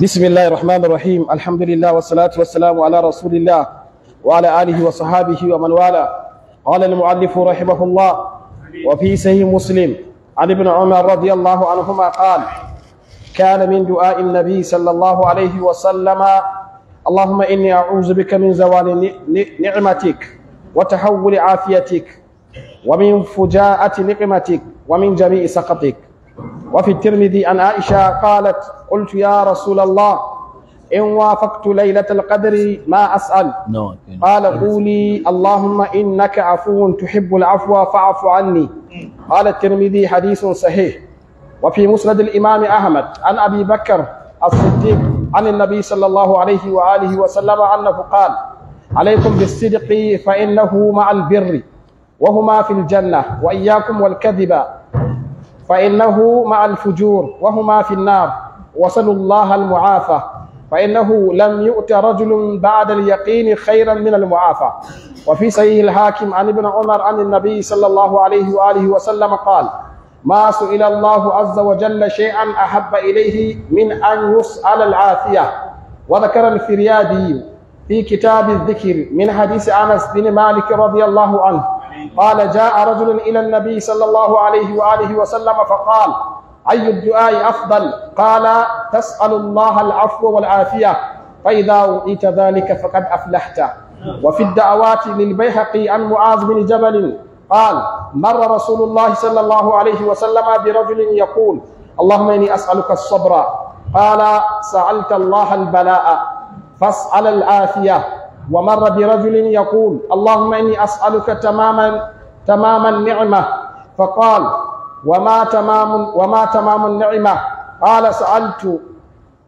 بسم الله الرحمن الرحيم الحمد لله والصلاة والسلام على رسول الله وعلى آله وصحابه ومن والاه قال المؤلف رحمه الله وفي صحيح مسلم عن ابن عمر رضي الله عنهما قال كان من دعاء النبي صلى الله عليه وسلم اللهم إني أعوذ بك من زوال نعمتك وتحول عافيتك ومن فجاءة نقمتك ومن جميع سخطك وفي الترمذي أن عائشة قالت قلت يا رسول الله إن وافقت ليلة القدر ما أسأل قال قولي اللهم إنك عفو تحب العفو فاعف عني قال الترمذي حديث صحيح وفي مسند الإمام أحمد عن أبي بكر الصديق عن النبي صلى الله عليه وآله وسلم أنه قال عليكم بالصدق فإنه مع البر وهما في الجنة وإياكم والكذب فإنه مع الفجور وهما في النار وصلوا الله المعافى فإنه لم يؤت رجل بعد اليقين خيرا من المعافى وفي صحيح الحاكم عن ابن عمر عن النبي صلى الله عليه وآله وسلم قال ما سئل الله عز وجل شيئا أحب إليه من أن يسأل العافية وذكر الفريادي في كتاب الذكر من حديث أنس بن مالك رضي الله عنه قال جاء رجل إلى النبي صلى الله عليه وآله وسلم فقال أي الدعاء أفضل قال تسأل الله العفو والعافية فإذا وئت ذلك فقد أفلحت وفي الدعوات للبيهقي عن معاذ بن جبل قال مر رسول الله صلى الله عليه وسلم برجل يقول اللهم إني أسألك الصبر قال سألت الله البلاء فاسأل العافية ومر برجل يقول اللهم إني أسألك تماما تمام النعمة فقال وما تمام وما تمام النعمة قال سألت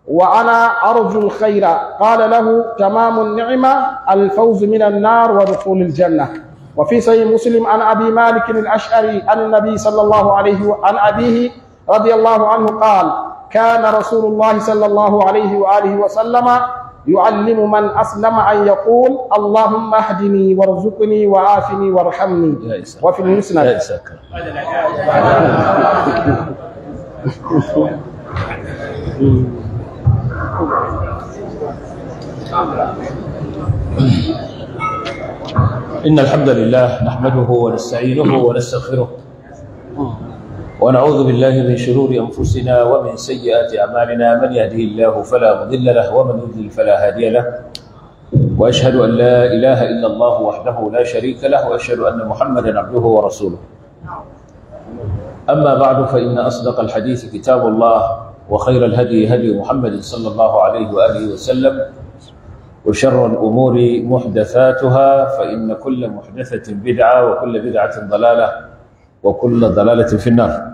وأنا أرجو الخير قال له تمام النعمة الفوز من النار ودخول الجنة وفي صحيح مسلم عن أبي مالك الأشعري عن النبي صلى الله عليه وعن أبيه رضي الله عنه قال كان رسول الله صلى الله عليه وآله وسلم يعلم من أسلم أن يقول اللهم اهدني وارزقني وعافني وارحمني وفي المسند إن الحمد لله نحمده ونستعينه ونستغفره ونعوذ بالله من شرور أنفسنا ومن سيئات أعمالنا من يهده الله فلا مضل له ومن يضلل فلا هادي له وأشهد أن لا إله إلا الله وحده لا شريك له وأشهد أن محمدا عبده ورسوله أما بعد فإن أصدق الحديث كتاب الله وخير الهدي هدي محمد صلى الله عليه وآله وسلم وشر الأمور محدثاتها فإن كل محدثة بدعة وكل بدعة ضلالة وكل ضلالة في النار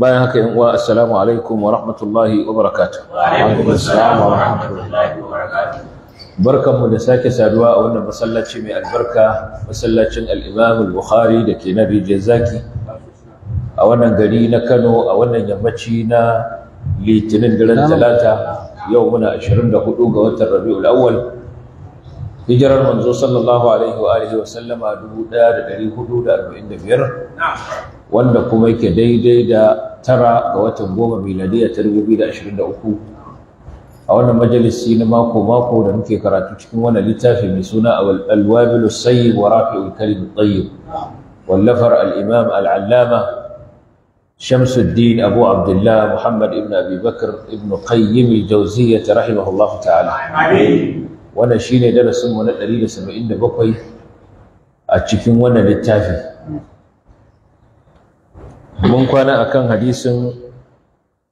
bayan haka yan uwa assalamu alaikum wa rahmatullahi wa barakatuh barkanmu da sake saduwa a wannan masallaci mai albarka masallacin al-Imam al-Bukhari da ke Nabi Jazaki a wannan gari na Kano a wannan yammaci na Litinin daren Talata yau muna 24 ga watan Rabiul Awwal hijirar manzo sallallahu alaihi wa alihi wa sallama 1445 wanda kuma yake daidai da tara ga watan goma miladiya ta 2023 a wannan majalisi na mako-mako da muke karatu cikin wannan littafi mai suna alwabilu sayyid wa rafi'ul kalim wallafar al-imam al-allama shamsuddin abu abdullah muhammad ibn abi bakr ibn qayyim al-jawziyyah rahimahullahu ta'ala wannan shine darasin mu na bakwai a cikin wannan littafi mun kwana a kan hadisin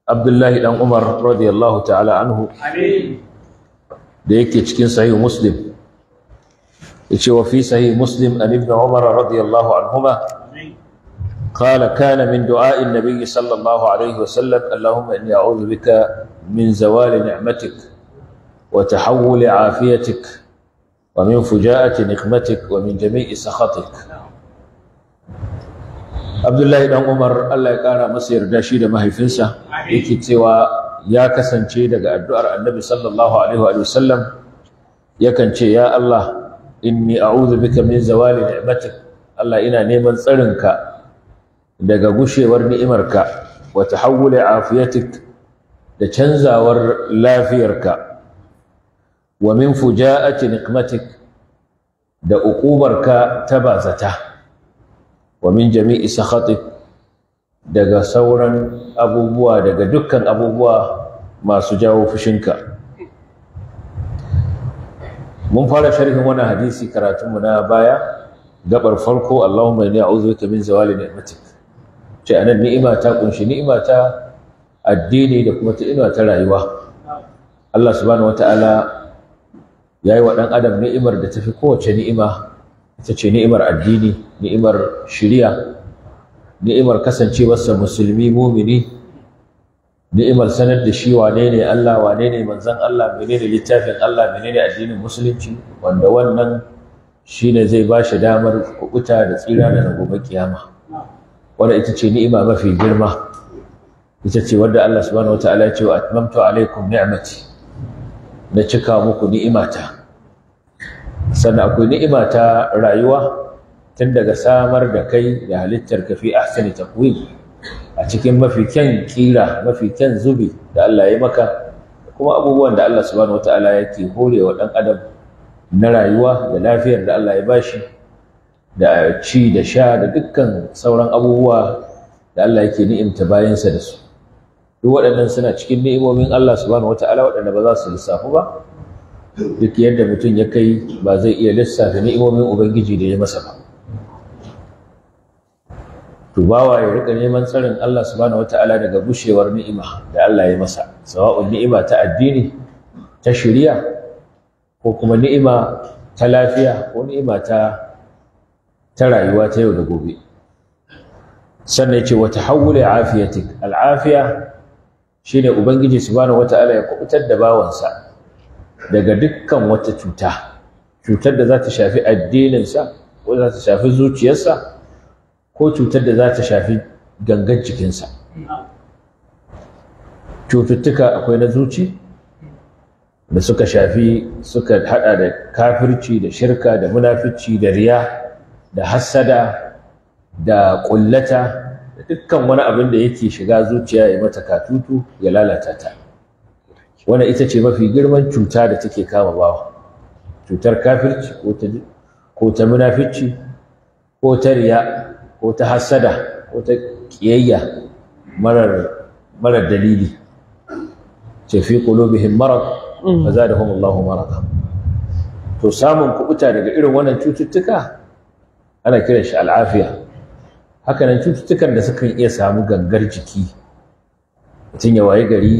abdullahi dan umar radiyallahu ta'ala anhu da yake cikin sahih muslim yace wa fi sahih muslim an ibn umar radiyallahu anhuma قال كان من دعاء النبي صلى الله عليه وسلم اللهم إني أعوذ بك من زوال نعمتك وتحول عافيتك ومن فجاءة نقمتك ومن جميع سخطك abdullahi dan umar allah ya kara masa yarda shi da mahaifinsa yake cewa ya kasance daga addu'ar annabi sallallahu alaihi wa sallam yakan ce ya allah inni a'udhu bika min zawali ni'matik allah ina neman tsarinka daga gushewar ni'imarka wa tahawwuli afiyatik da canzawar lafiyarka wa min fuja'ati niqmatik da uqubarka ta bazata wa min jami'i haɗi daga sauran abubuwa daga dukkan abubuwa masu jawo fushinka mun fara sharhin wannan hadisi karatunmu na baya gabar farko Allahumma inni a'udhuka min zawali ni'matik ce anan ni'ima ta kunshi ni'ima ta addini da kuma ta inuwa ta rayuwa Allah subhanahu wataala yayi wa dan adam ni'imar da tafi kowace ni'ima ita ce ni'imar addini ni'imar shiriya ni'imar kasancewarsa musulmi mumini ni'imar sanar da shi wane ne Allah wane ne manzon Allah menene littafin Allah menene addinin musulunci wanda wannan shine zai ba shi damar kukuta da tsira da gobe kiyama wanda ita ce ni'ima mafi girma ita ce wadda Allah subhanahu wataala ya ce wa atmamtu alaikum ni'mati na cika muku ni'imata sannan akwai ni'ima ta rayuwa tun daga samar da kai da halittar ka fi ahsani taqwim a cikin mafi kyan kira mafi kyan zubi da Allah ya maka kuma abubuwan da Allah subhanahu wataala yake horewa dan adam na rayuwa da lafiyar da Allah ya bashi da ci da sha da dukkan sauran abubuwa da Allah yake ni'imta bayansa da su duk waɗannan suna cikin ni'imomin Allah subhanahu wata'ala waɗanda ba za su lissafu ba duk yadda mutum ya kai ba zai iya lissafa ni'imomin ubangiji da ya masa ba to bawa ya rika neman tsarin Allah subhanahu wataala daga gushewar ni'ima da Allah ya masa sawa'un ni'ima ta addini ta shari'a ko kuma ni'ima ta lafiya ko ni'ima ta rayuwa ta yau da gobe sannan ce wata hawwule afiyatik al'afiya shine ubangiji subhanahu wataala ya kubutar da bawansa daga dukkan wata cuta cutar da za ta shafi addininsa ko za ta shafi zuciyarsa ko cutar da za ta shafi gangan jikinsa cututtuka akwai na zuci da suka shafi suka hada da kafirci da shirka da munafici da riya da hassada da kullata da dukkan wani abin da yake shiga zuciya ya mata katutu ya lalata ta wanda ita ce mafi girman cuta da take kama bawa cutar kafirci ko ta munafici ko ta riya ko ta hassada ko ta kiyayya marar dalili ce fi qulubihim marad da mm. zadahum Allahu marada to samun kubuta daga irin wannan cututtuka ana kiran shi al'afiya hakanan cututtukan da sukan iya samu gangar jiki mutum ya wayi gari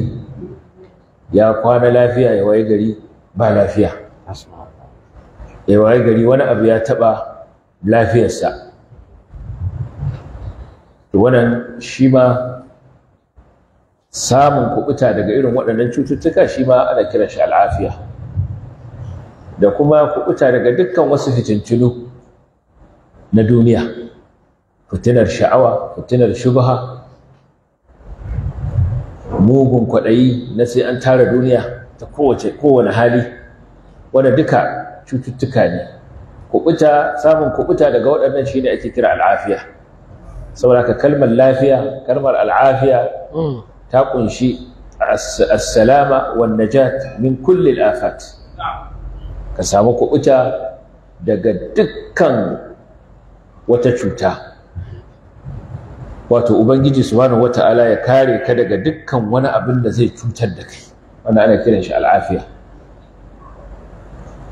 ya kwana lafiya ya waye gari ba lafiya ya waye gari wani abu ya taɓa lafiyarsa wannan shi ma samun kubuta daga irin waɗannan cututtuka shi ma ana kiran shi al'afiya da kuma kubuta daga dukkan wasu fitintunu na duniya fitinar sha'awa fitinar shubha mugun kwaɗayi na sai an tara duniya ta kowace kowane hali wanda duka cututtuka ne kubuta samun kubuta daga waɗannan ne ake kira al'afiya saboda ka kalmar lafiya kalmar al'afiya mm. ta kunshi as-salama najat min kulli al ka samu kubuta daga dukkan wata cuta wato ubangiji subhanahu wata'ala ya kare ka daga dukkan wani abin da zai cutar da kai wannan ana kiran shi al'afiya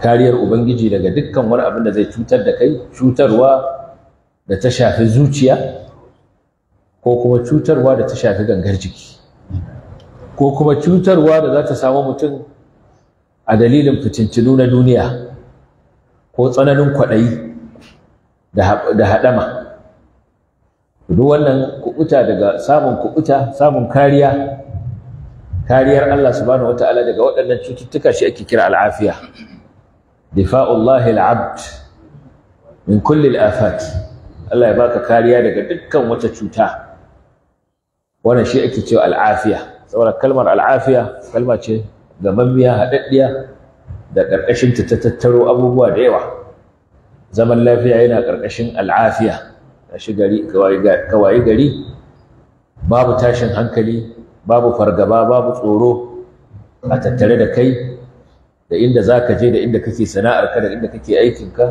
kariyar ubangiji daga dukkan wani abin da zai cutar da kai cutarwa da ta shafi zuciya ko kuma cutarwa da ta shafi gangar jiki ko kuma cutarwa da za ta samu mutum a dalilin fitintinu na duniya ko tsananin kwaɗayi da haɗama duk wannan kubuta daga samun kubuta samun kariya kariyar Allah subhanahu wataala daga waɗannan cututtuka shi ake kira al'afiya difa'ullahi al'abd min kulli al'afat Allah ya baka kariya daga dukkan wata cuta wannan shi ake cewa al'afiya saboda kalmar al'afiya kalma ce gamammiya haɗaɗɗiya da ƙarƙashin ta tattaro abubuwa da yawa zaman lafiya yana ƙarƙashin al'afiya shi gari kawai gari babu tashin hankali babu fargaba babu tsoro a tattare da kai da inda za ka je da inda kake sana'arka da inda kake aikinka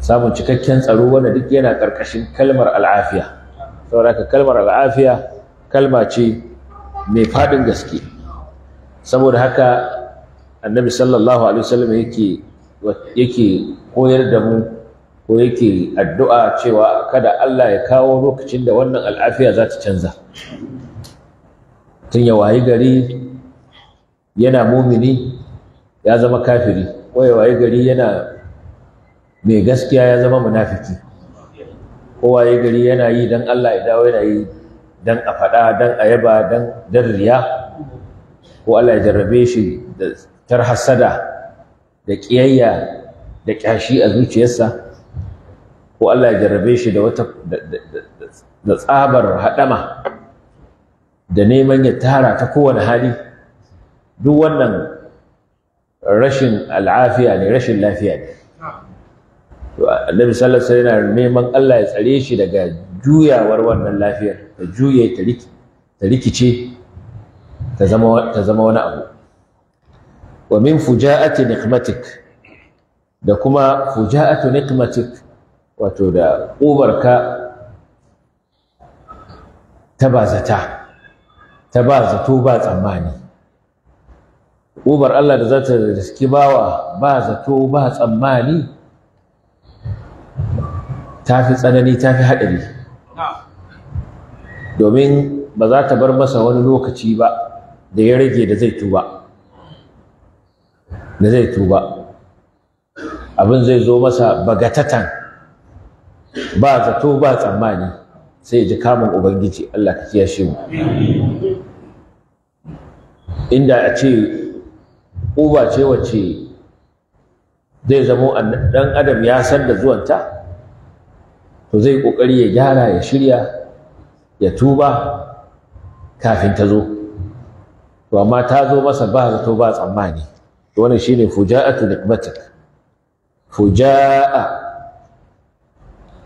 samun cikakken tsaro wanda duk yana ƙarƙashin kalmar al'afiya saboda kalmar al'afiya kalma ce mai faɗin gaske saboda haka annabi sallallahu alaihi wasallam yake koyar da mu ko yake addu'a cewa kada Allah ya kawo lokacin da wannan al'afiya za ta canza tun ya wayi gari yana mumini ya zama kafiri ko ya wayi gari yana mai gaskiya ya zama munafiki ko wayi gari yana yi dan Allah ya dawo yana yi dan a faɗa dan a yaba dan dan riya ko Allah ya jarrabe shi da tarhasada da kiyayya da kyashi a zuciyarsa ko Allah ya jarrabe shi da wata da tsabar haɗama da neman ya tara ta kowane hali duk wannan rashin al'afiya ne rashin lafiya ne annabi sallallahu alaihi wasallam yana neman Allah ya tsare shi daga juyawar wannan lafiyar ta juye ta rikice ta zama ta zama wani abu wa min fujaati da kuma fujaatu wato da ƙubarka ta ba ta ba zato ba tsammani ƙubar Allah da za ta riski bawa ba zato ba tsammani ta fi tsanani ta fi haɗari domin ba za ta bar masa wani lokaci ba da ya rage da zai tuba da zai tuba abin zai zo masa bagatatan ba zato ba tsammani sai ya ji kamun ubangiji Allah ka kiyashe mu inda a ce uba ce wacce zai zamo ɗan adam ya san da zuwanta to zai kokari ya gyara ya shirya ya tuba kafin ta zo to amma ta zo masa ba zato ba tsammani wannan shine fuja'atu nikmatik fuja'a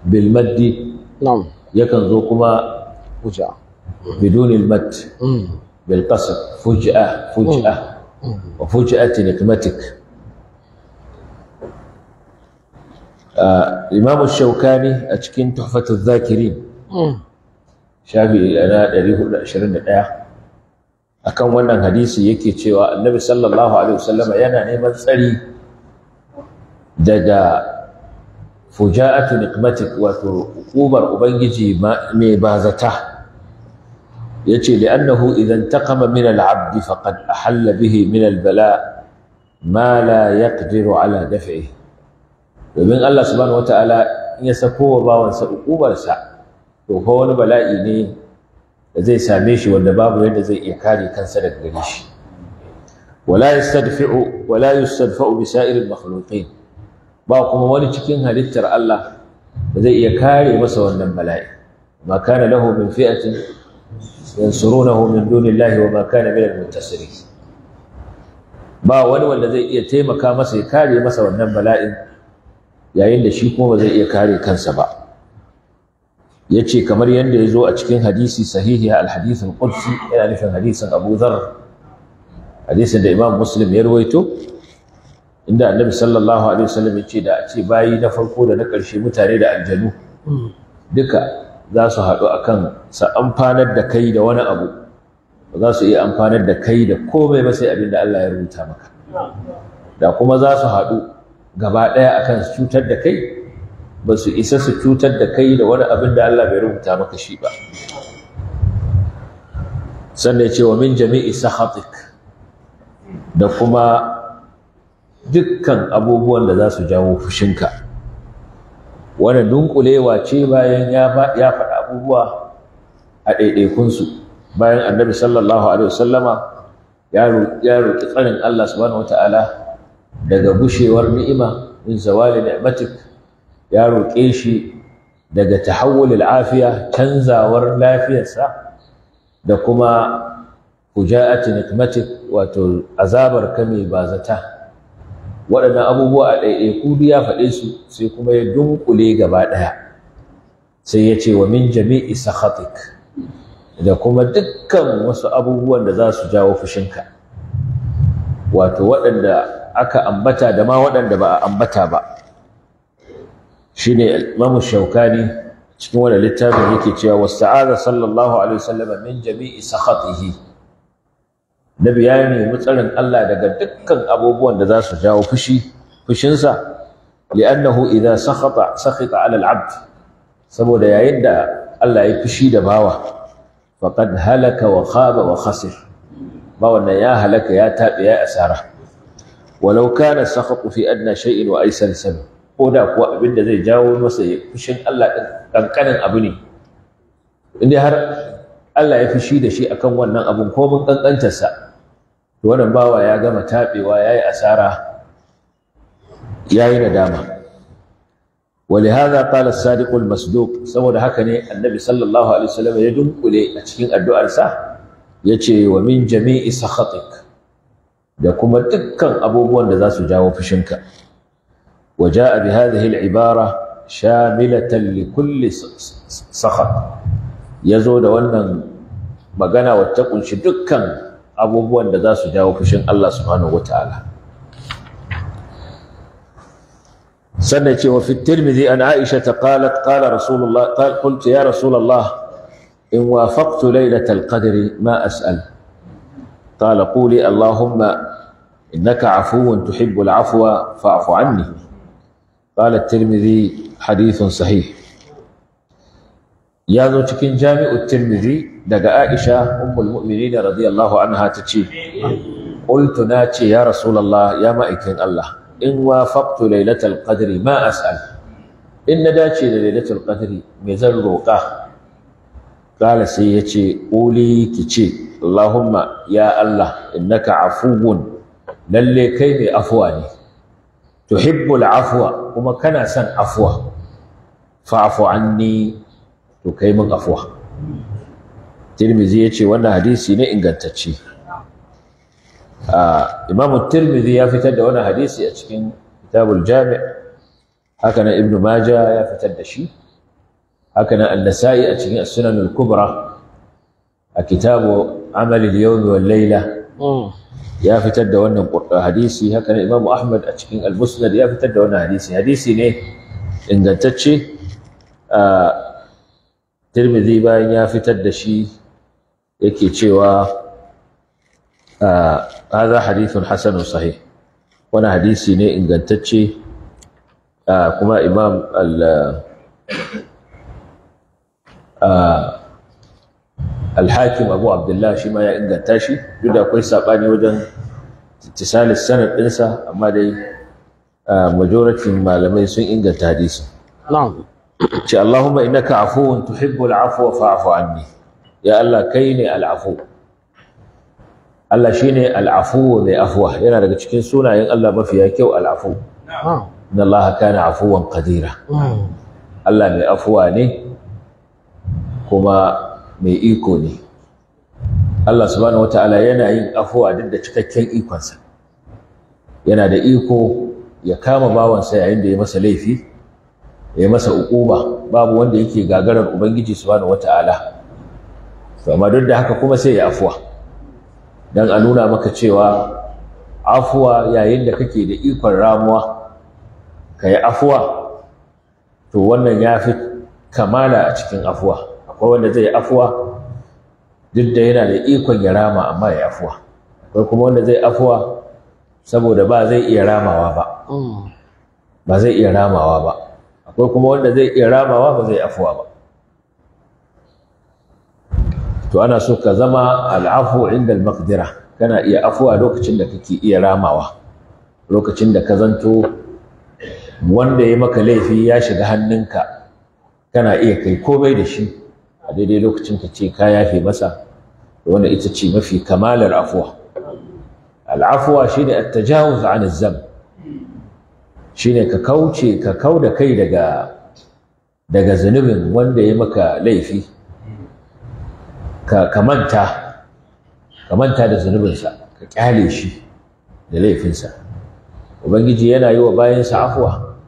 bil yakan zo kuma fuja bidun al madd bil qasr fuj'a fuj'a wa fuj'at nikmatik imam shaukani a cikin tuhfatul zakirin shafi'i na 421 akan wannan hadisi yake cewa annabi sallallahu alaihi wasallama yana neman tsari daga fuja'atu niqmatik wato hukumar ubangiji mai bazata yace dai-Annahu, idan taqama min al-'abd faqad ahalla bihi min al-bala ma la yaqdiru ala daf'ihi domin Allah subhanahu wata'ala in ya sako wa bawansa sa to ko wani bala'i ne da zai same shi wanda babu yadda zai iya kare kansa daga gare shi wala yastadfi'u wala yastadfa'u bi sa'iril makhluqin ba kuma wani cikin halittar Allah da zai iya kare masa wannan bala'i ma kana lahu min fi'atin yansurunahu min dunillahi wa ma kana minal muntasirin ba wani wanda zai iya taimaka masa ya kare masa wannan bala'in yayin da shi kuma ba zai iya kare kansa ba yace kamar yadda ya zo a cikin hadisi sahihi al-hadith al-qudsi yana nufin hadisin Abu Dharr hadisin da Imam Muslim ya rawaito inda annabi sallallahu alaihi wasallam ya ce da a ce bayi na farko da na ƙarshe mutane da aljanu duka za su haɗu akan sa amfanar da kai da wani abu ba za su iya amfanar da kai da komai ba sai abin da Allah ya rubuta maka da kuma za su haɗu gaba ɗaya akan su cutar da kai ba su isa su cutar da kai da wani abin da Allah bai rubuta maka shi ba sannan ya ce wa min jami'i sahatik da kuma dukkan abubuwan da za su jawo fushinka wannan dunkulewa ce bayan ya faɗi abubuwa a ɗaiɗaikunsu bayan annabi sallallahu alaihi wasallama ya roƙi tsarin Allah subhanahu wata'ala daga bushewar ni'ima min zawali ni'matik ya roƙe shi daga tahawul al'afiya canzawar lafiyarsa da kuma fuja'ati nikmatik wato azabar kame ba zata waɗannan abubuwa a ɗaiɗai kudu ya faɗe su sai kuma ya dunkule gaba ɗaya sai ya ce wa min jami'i sakhatik da kuma dukkan wasu abubuwan da za su jawo fushinka wato waɗanda aka ambata da ma waɗanda ba a ambata ba shine imamu shaukani cikin wani littafin yake cewa wasta'aza sallallahu alaihi wasallam min jami'i sakhatihi nabi ya nemi tsarin Allah daga dukkan abubuwan da za su jawo fushi fushinsa li'annahu idza sakhata sakhita 'ala al-'abd saboda yayin da Allah ya fushi da bawa faqad halaka wa khaba wa khasir bawa nan ya halaka ya tabe ya asara walau kana sakhatu fi adna shay'in wa aysal sabab ko da kuwa abin da zai jawo masa fushin Allah ɗin ƙanƙanin abu ne inda har Allah ya fushi da shi akan wannan abun mun ƙanƙantarsa wannan bawa ya gama taɓewa ya yi asara ya yi nadama ولهذا قال الصادق المصدوق saboda haka ne annabi sallallahu alaihi wasallam ya dunkule a cikin addu'arsa ce wa min jami'i sakhatik da kuma dukkan abubuwan da za su jawo fushinka wa jaa bi hadhihi al-ibara shamilatan li kulli sakhat yazo da wannan magana wacce kunshi dukkan abubuwan da za su jawo fushin Allah subhanahu wataala sannan ce wa fi tirmidhi an aisha ta qalat qala rasulullah qultu ya rasulullah in wafaqtu laylatal qadri ma as'al قال قولي اللهم إنك عفو تحب العفو فاعف عني قال الترمذي حديث صحيح ya zo cikin jami'ut tirmidhi daga aisha ummul mu'minin radiyallahu anha ta ce qultu na ce ya rasulullah ya ma'aikin allah in wafaqtu lailatul qadri ma as'al in na dace da Laylatul qadri me zan roƙa qala sai yace ki ce. allahumma ya allah innaka afuwun lalle kai mai afuwa ne tuhibbul afwa kuma kana son afuwa fa'fu anni to kai min afuwa tirmizi ya ce wannan hadisi ne ingantacce imam tirmizi ya fitar da wannan hadisi a cikin kitabul jami' haka nan ibnu maja ya fitar da shi haka nan an-nasa'i a cikin as-sunan al-kubra a kitabu Amalil al-yawm wal layla ya fitar da wannan hadisi haka nan imam ahmad a cikin al-musnad ya fitar da wannan hadisi hadisi ne ingantacce tirmidhi bayan ya fitar da shi yake cewa ah, hadha hadithun hasanun sahih wani hadisi ne ingantacce ah, kuma imam al ah, abu Abdullahi shi ma ya inganta shi duk da akwai saɓani wajen tisali sanad ɗinsa amma dai majority malamai sun inganta hadisi ce Allahumma innaka afuwun tuhibbul afwa fa'fu anni ya Allah kai ne al'afu Allah shine al'afu mai afuwa. yana daga cikin sunayen Allah mafiya kyau al'afu inna Allah kana afuwan qadira Allah mai afuwa ne kuma mai iko ne Allah subhanahu wataala yana yin afuwa duk da cikakken ikonsa yana da iko ya kama bawansa yayin da ya masa laifi ya masa uquba babu wanda yake gagarar ubangiji subhanahu wata'ala to amma duk da haka kuma sai ya afuwa dan a nuna maka cewa afuwa yayin da kake da ikon ramuwa kai afuwa to wannan yafi kamala a cikin afuwa akwai wanda zai afuwa duk da yana da ikon ya rama amma ya afuwa akwai kuma wanda zai afuwa saboda ba zai iya ramawa ba mm. ba zai iya ramawa ba ko kuma wanda zai iya ramawa ba zai afuwa ba to ana so ka zama al'afu inda al-maqdira kana iya afuwa lokacin da kake iya ramawa lokacin da ka zanto wanda ya maka laifi ya shiga hannunka kana iya kai komai da shi a daidai lokacin ka ce ka yafe masa wanda ita ce mafi kamalar afuwa al'afuwa shine at-tajawuz 'an az-zamb shine ka kauce ka kau da kai daga daga zunubin wanda ya maka laifi ka manta da zunubinsa ka kyale shi da laifinsa ubangiji yana yi wa bayansa afuwa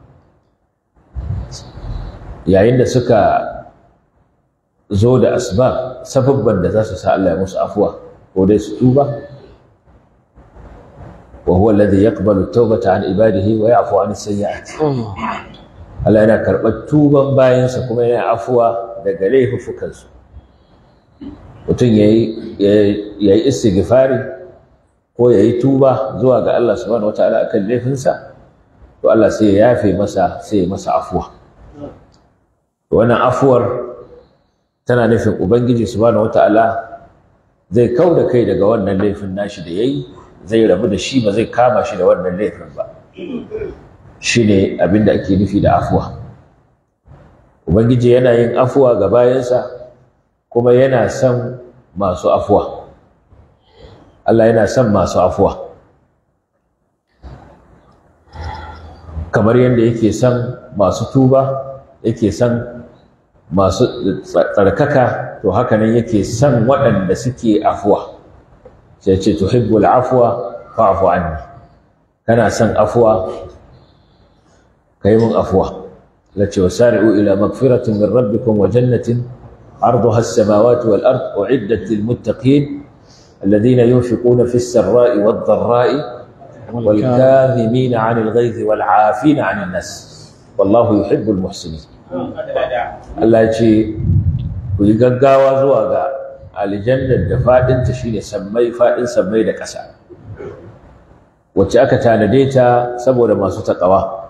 yayin da suka zo da asbab sababban da za su sa Allah ya musu afuwa ko dai su tuba wa huwa alladhi yaqbalu tawbata an ibadihi wa ya'fu an sayyi'at mm. Allah yana karɓar tuban bayansa kuma yana afuwa daga laifukan su mutum yayi yayi istighfari ko yayi tuba zuwa ga Allah subhanahu wataala akan laifinsa to Allah sai ya yafe masa sai ya masa afuwa wannan afuwar tana nufin ubangiji subhanahu wataala zai kau da kai daga wannan laifin nashi da yayi zai rabu da shi ba zai kama shi da wannan laifin ba shi ne abin da ake nufi da afuwa ubangiji yana yin afuwa ga bayansa kuma yana son masu afuwa Allah yana son masu afuwa kamar yadda yake son masu tuba yake son masu tsarkaka to hakanan yake son waɗanda suke afuwa sai ce tuhibbul afwa fa'fu anni kana son afwa kai mun afwa la ce wasari'u ila magfiratin min rabbikum wa jannatin عرضها السماوات والأرض أعدت للمتقين الذين ينفقون في السراء والضراء والكاذمين عن الغيظ والعافين عن الناس والله يحب المحسنين آه، الله يجي ku yi aljannar da faɗinta shi ne sammai faɗin sammai da ƙasa wacce aka tanade ta saboda masu taƙawa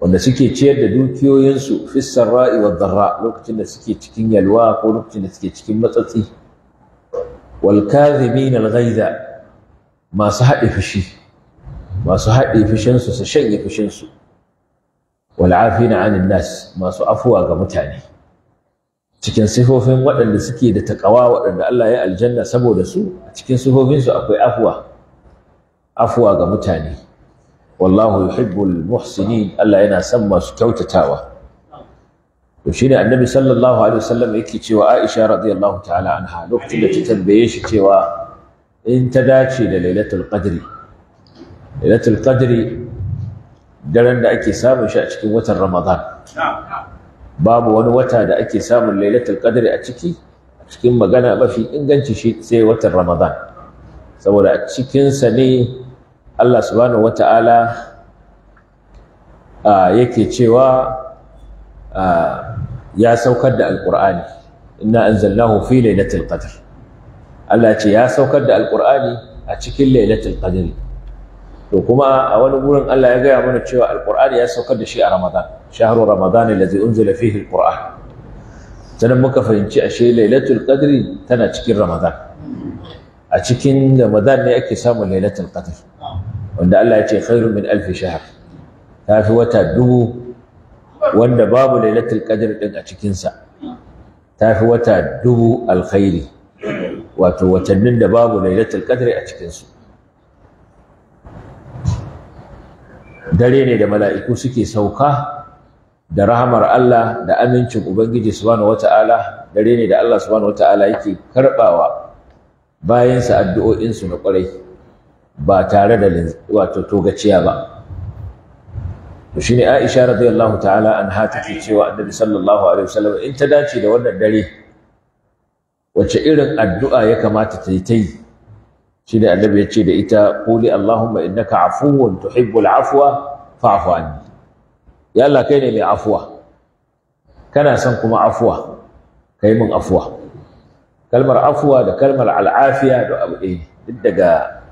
wanda suke ciyar da dukiyoyinsu fissar ra'i wa zarra lokacin da suke cikin yalwa ko lokacin da suke cikin matsatsi walkazimi na al masu haɗe fushi masu haɗe fushinsu su shanye fushinsu wal'afi afina 'anil nas masu afuwa ga mutane cikin sifofin waɗanda suke da taƙawa waɗanda Allah ya aljanna saboda su a cikin sifofinsu akwai afuwa afuwa ga mutane wallahu yuhibbul muhsinin Allah yana son masu kyautatawa to shine annabi sallallahu alaihi wasallam yake cewa Aisha radiyallahu ta'ala anha lokacin da ta tambaye shi cewa in ta dace da lailatul qadri lailatul qadri daren da ake samun shi a cikin watan Ramadan babu wani wata da ake samun lailatul qadri a ciki a cikin magana mafi inganci shi sai watan ramadan saboda a cikinsa ne allah subhanahu wata'ala yake cewa ya saukar da alƙur'ani inna anzalnahu fi lailatul qadr allah ce ya saukar da alƙur'ani a cikin lailatul qadr to kuma a wani gurin allah ya gaya mana cewa alƙur'ani ya saukar da shi a ramadan shahru ramadan allazi unzila fihi alquran sanan muka fahimci ashe lailatul qadri tana cikin ramadan a cikin ramadan ne ake samun lailatul qadr wanda Allah ya ce khairun min alf shahr wata dubu wanda babu lailatul qadr din a cikin sa tafi wata dubu alkhairi wato watannin da babu lailatul qadr a cikin su dare ne da mala'iku suke sauka da rahamar Allah da amincin Ubangiji subhanahu wata'ala dare ne da Allah subhanahu wata'ala yake karbawa bayansa addu'o'insu na kwarai ba tare da wato togaciya ba to shine Aisha radiyallahu ta'ala anha take cewa Annabi sallallahu alaihi wasallam in ta dace da wannan dare wace irin addu'a ya kamata ta yi ta yi shine Annabi ya ce da ita kuli Allahumma innaka afuwun tuhibbul afwa fa'fu anni ya Allah kai ne mai afuwa kana son kuma afuwa kai min afuwa kalmar afuwa da kalmar al'afiya da abu ɗaya duk daga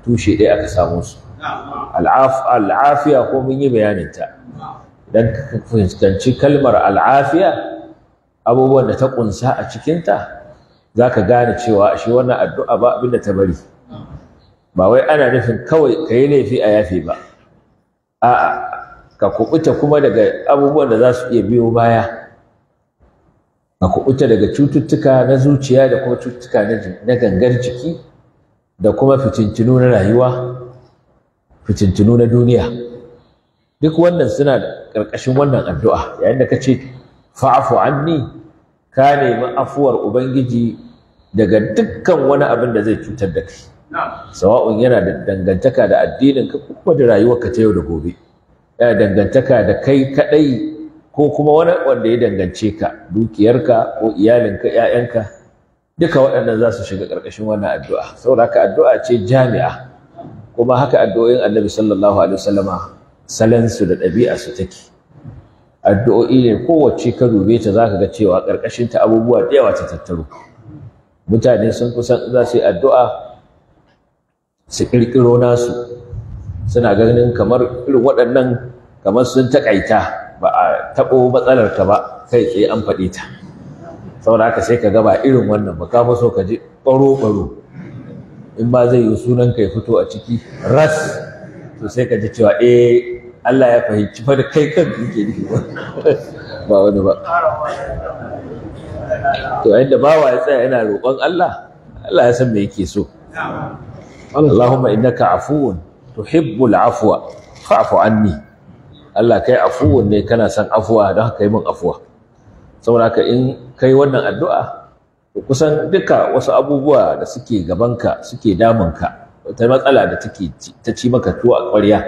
tushe ɗaya aka samu su al'afiya ko mun yi bayaninta idan ka fuskanci kalmar al'afiya abubuwan da ta ƙunsa a cikinta za ka gane cewa shi wannan addu'a ba abin da ta bari ba wai ana nufin kawai ka yi laifi a yafe ba a'a ka kubuta kuma daga abubuwan da za su iya biyo baya ka kubuta daga cututtuka na zuciya da kuma cututtuka na gangar jiki da kuma fitintinu na rayuwa fitintinu na duniya duk wannan suna ƙarƙashin wannan addu'a yayin da ka ce fa'afu anni ka nemi afuwar ubangiji daga dukkan wani abin da zai cutar da kai sawa'un yana da dangantaka da addinin ka kuma da rayuwarka ta yau da gobe yana dangantaka da kai kadai ko kuma wani wanda ya dangance ka dukiyarka ko iyalinka ƴaƴanka duka waɗannan za su shiga ƙarƙashin wannan addu'a saboda haka addu'a ce jami'a kuma haka addu'o'in annabi sallallahu alaihi wasallama salansu da ɗabi'a su take addu'o'i ne kowace ka dube ta zaka ga cewa ƙarƙashin ta abubuwa da yawa ta tattaro mutane sun kusan za su yi addu'a su ƙirƙiro nasu suna ganin kamar irin waɗannan kamar sun taƙaita ba a taɓo matsalar ka ba kai tsaye an faɗi ta saboda haka sai ka gaba irin wannan ba ka so ka ji ɓaro-ɓaro in ba zai yi sunan ka ya fito a ciki ras to sai ka ji cewa eh Allah ya fahimci fa da kai kan yake nufi ba wani ba to yadda bawa ya tsaya yana roƙon Allah Allah ya san me yake so Allahumma innaka afuwun tuhibbul afwa fa'fu anni Allah kai afuwun ne kana san afuwa don haka yi min afuwa saboda haka in kai wannan addu'a to kusan duka wasu abubuwa da suke gabanka suke damunka wata matsala da take ta ci maka tuwo a ƙwarya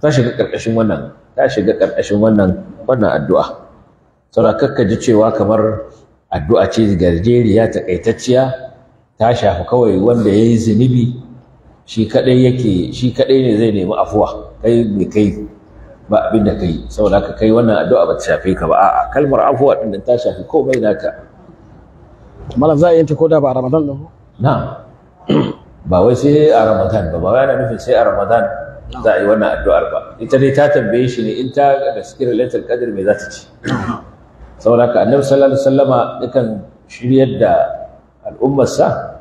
ta shiga ƙarƙashin wannan ta shiga ƙarƙashin wannan wannan addu'a saboda kakka ji cewa kamar addu'a ce gajeriya takaitacciya ta shafi kawai wanda ya yi zunubi shi kadai yake shi kadai ne zai nemi afuwa kai me kai ba abin da kai saboda ka kai wannan addu'a ba ta shafe ka ba a'a kalmar afuwa din ta shafi komai naka malam za a yanta ko da ba ramadan din na ba wai sai a ramadan ba ba wai ana nufin sai a ramadan za a yi wannan addu'ar ba ita dai ta tambaye shi ne in ta da cikin lailatul qadr me za ta ci saboda ka annabi sallallahu alaihi wasallama yakan shiryar da al'ummarsa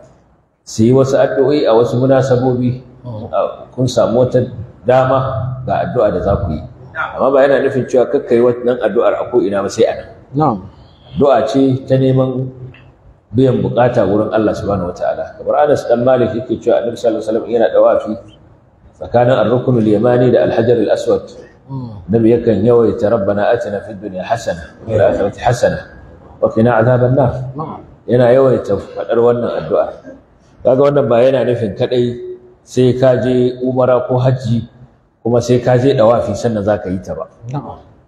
su yi wasu addu'o'i a wasu munasabobi oh. kun samu wata dama ga addu'a da za ku yi amma ba yana nufin cewa kakkai wannan addu'ar a ko'ina ba sai a nan addu'a ce ta neman biyan bukata wurin Allah subhanahu wataala kamar Anas dan Malik yake cewa Annabi sallallahu alaihi wasallam yana dawafi tsakanin ar-rukn al-yamani da al-hajar al-aswad hmm. Nabi yakan yawaita rabbana atina fid dunya hasana wa fil akhirati hasana wa qina adhaban nar yana yawaita fadar wannan addu'a kaga wannan ba yana nufin kadai sai ka je umara ko hajji kuma sai ka je dawafi sannan zaka yi ta ba